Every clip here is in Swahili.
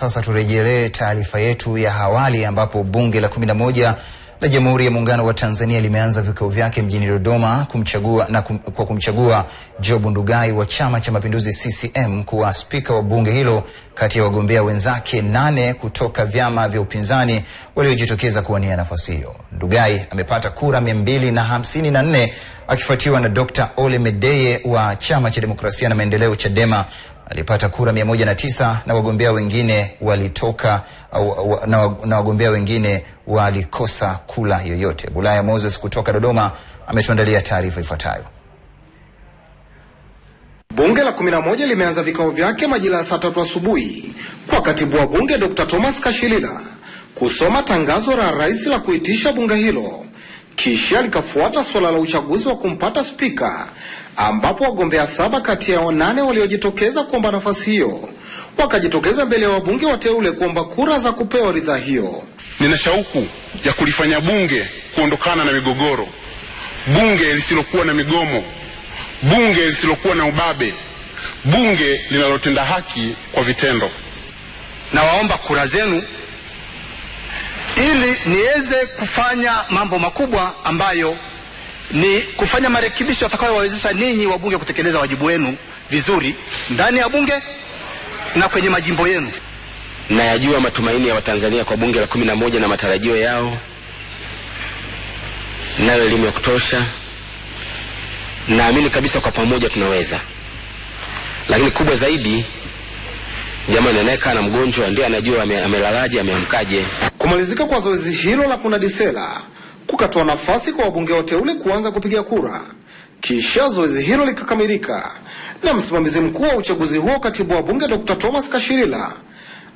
Sasa turejelee taarifa yetu ya awali ambapo bunge la kumi na moja la Jamhuri ya Muungano wa Tanzania limeanza vikao vyake mjini Dodoma kumchagua na kum, kwa kumchagua Job Ndugai wa Chama cha Mapinduzi CCM kuwa spika wa bunge hilo kati ya wagombea wenzake nane kutoka vyama vya upinzani waliojitokeza kuwania nafasi hiyo. Ndugai amepata kura mia mbili na hamsini na nne akifuatiwa na Dr. Ole Medeye wa Chama cha Demokrasia na Maendeleo Chadema alipata kura mia moja na tisa na wagombea wengine walitoka na, na wagombea wengine walikosa kula yoyote. Bulaya Moses kutoka Dodoma ametuandalia taarifa ifuatayo. Bunge la 11 limeanza vikao vyake majira ya saa tatu asubuhi kwa katibu wa bunge Dr. Thomas Kashilila kusoma tangazo la rais la kuitisha bunge hilo kisha likafuata suala la uchaguzi wa kumpata spika, ambapo wagombea saba kati ya wanane waliojitokeza kuomba nafasi hiyo wakajitokeza mbele ya wabunge wateule kuomba kura za kupewa ridhaa hiyo. Nina shauku ya kulifanya bunge kuondokana na migogoro, bunge lisilokuwa na migomo, bunge lisilokuwa na ubabe, bunge linalotenda haki kwa vitendo. Nawaomba kura zenu ili niweze kufanya mambo makubwa ambayo ni kufanya marekebisho yatakayowawezesha ninyi wabunge kutekeleza wajibu wenu vizuri ndani ya bunge na kwenye majimbo yenu. Nayajua matumaini ya Watanzania kwa bunge la kumi na moja na matarajio yao, nayo elimu ya kutosha. Naamini kabisa kwa pamoja tunaweza, lakini kubwa zaidi, jamani, anayekaa na mgonjwa ndiye anajua amelalaje, ameamkaje. Kumalizika kwa zoezi hilo la kunadi sera kukatoa nafasi kwa wabunge wateule kuanza kupiga kura. Kisha zoezi hilo likakamilika na msimamizi mkuu wa uchaguzi huo, katibu wa bunge Dr. Thomas Kashirila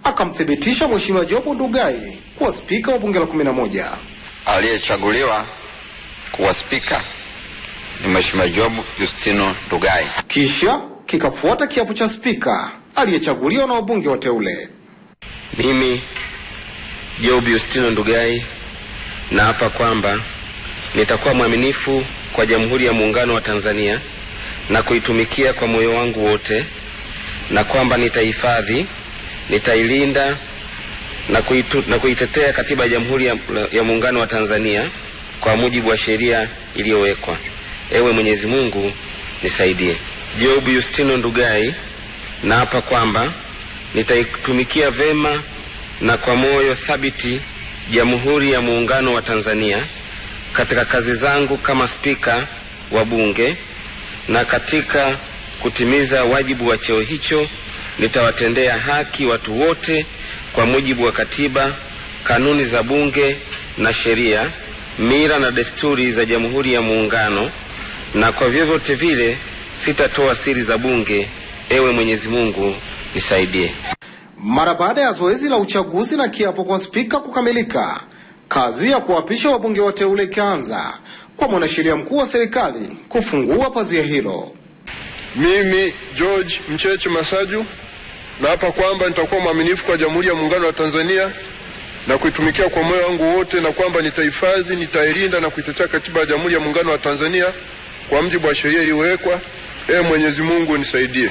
akamthibitisha Mheshimiwa Jobu Ndugai kuwa spika wa bunge la 11. Aliyechaguliwa kuwa spika ni Mheshimiwa Job Justino Ndugai. Kisha kikafuata kiapo cha spika aliyechaguliwa na wabunge wateule. Mimi Job Yustino Ndugai na hapa kwamba nitakuwa mwaminifu kwa Jamhuri ya Muungano wa Tanzania na kuitumikia kwa moyo wangu wote, na kwamba nitahifadhi, nitailinda na, kuitu, na kuitetea katiba ya Jamhuri ya Muungano wa Tanzania kwa mujibu wa sheria iliyowekwa. Ewe Mwenyezi Mungu nisaidie. Job Yustino Ndugai naapa kwamba nitaitumikia vema na kwa moyo thabiti Jamhuri ya Muungano wa Tanzania katika kazi zangu kama Spika wa Bunge na katika kutimiza wajibu wa cheo hicho nitawatendea haki watu wote kwa mujibu wa katiba, kanuni za bunge na sheria, mira na desturi za Jamhuri ya Muungano, na kwa vyovyote vile sitatoa siri za bunge. Ewe Mwenyezi Mungu nisaidie. Mara baada ya zoezi la uchaguzi na kiapo kwa spika kukamilika, kazi ya kuwapisha wabunge wateule ikaanza kwa mwanasheria mkuu wa serikali kufungua pazia hilo. Mimi George Mcheche Masaju naapa kwamba nitakuwa mwaminifu kwa Jamhuri ya Muungano wa Tanzania na kuitumikia kwa moyo wangu wote, na kwamba nitahifadhi, nitailinda na kuitetea Katiba ya Jamhuri ya Muungano wa Tanzania kwa mjibu wa sheria iliyowekwa. Ee Mwenyezi Mungu nisaidie.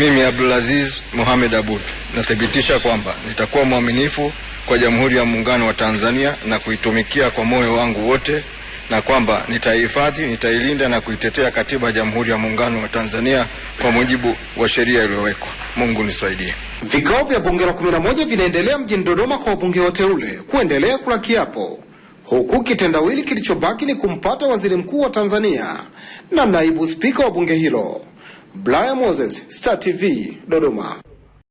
Mimi Abdulaziz Mohamed Abud nathibitisha kwamba nitakuwa mwaminifu kwa Jamhuri ya Muungano wa Tanzania na kuitumikia kwa moyo wangu wote na kwamba nitaihifadhi, nitailinda na kuitetea Katiba ya Jamhuri ya Muungano wa Tanzania kwa mujibu wa sheria iliyowekwa. Mungu nisaidie. Vikao vya bunge la 11 vinaendelea mjini Dodoma kwa wabunge wateule kuendelea kula kiapo huku kitendawili kilichobaki ni kumpata waziri mkuu wa Tanzania na naibu spika wa bunge hilo. Brian Moses, Star TV, Dodoma.